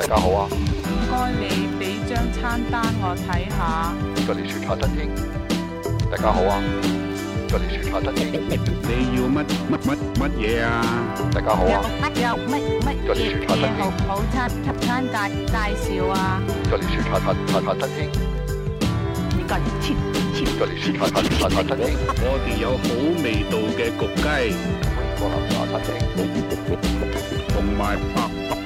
大家好啊！唔該，你俾張餐單我睇下。九霄茶餐廳。大家好啊！九霄茶餐廳。你要乜乜乜乜嘢啊？大家好啊！乜乜乜嘢好套餐？套餐大介紹啊！九霄茶餐廳。我哋有好味道嘅焗雞，同埋。.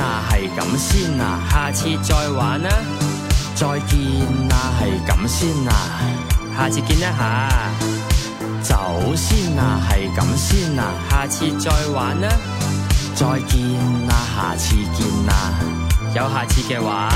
啊，係咁先啊，下次再玩啦，啊，再見啊，係咁先啊，下次見啦下，走先啊，係咁先啊，下次再玩啦，啊，再見啊，下次見啊，有下次嘅話，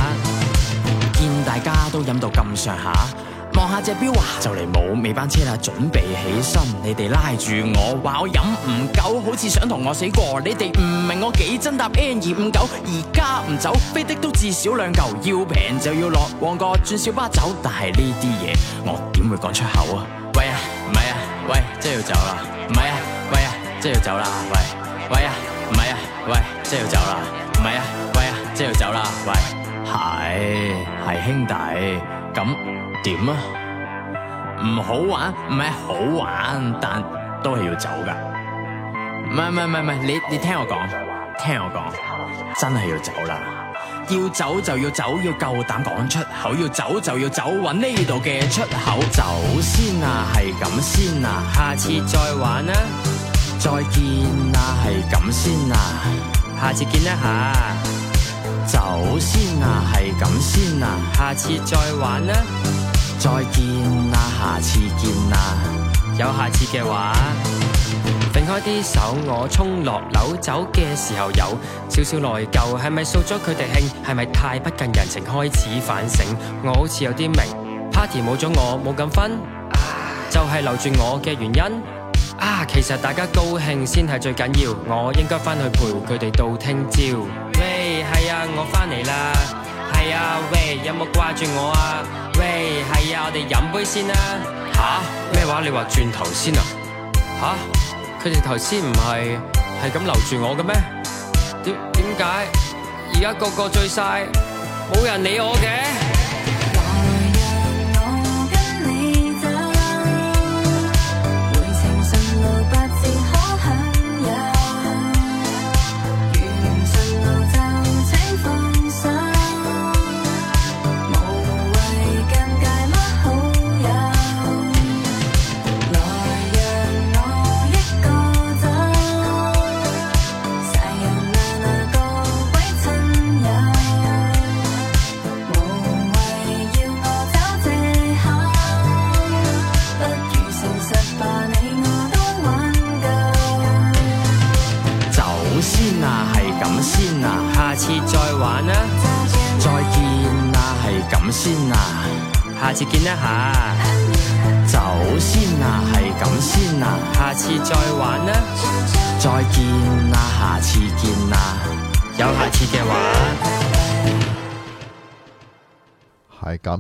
見大家都飲到咁上下。望下隻表啊，就嚟冇尾班車啦，準備起身。你哋拉住我，話我飲唔夠，好似想同我死過。你哋唔明我幾真搭 N 二五九，而家唔走，飛的都至少兩舊。要平就要落旺角轉小巴走，但係呢啲嘢我點會講出口啊,啊,啊,啊？喂啊，唔係啊，喂，即係要走啦。唔係啊，喂啊，即係要走啦。喂，喂啊，唔係啊，喂，即係要走啦。唔係啊，喂啊，即係要走啦。喂，係係兄弟咁。點啊？唔好玩，唔係好玩，但都係要走噶。唔係唔係唔係，你你聽我講，聽我講，真係要走啦。要走就要走，要夠膽講出口。要走就要走，搵呢度嘅出口走先啊，係咁先啊。下次再玩啦，啊，再見啊，係咁先啊，下次見呀吓走先啊，係咁先啊，下次再玩啦、啊，再見啊，下次見啊，有下次嘅話，甩開啲手，我衝落樓走嘅時候有，少少內疚，係咪掃咗佢哋興，係咪太不近人情，開始反省，我好似有啲明，party 冇咗我冇咁分，啊、就係留住我嘅原因，啊，其實大家高興先係最緊要，我應該返去陪佢哋到聽朝。我翻嚟啦，係啊喂，有冇掛住我啊？喂，係啊，我哋飲杯先啦、啊。吓？咩話？你話轉頭先啊？吓？佢哋頭先唔係係咁留住我嘅咩？點點解？而家個個醉晒，冇人理我嘅？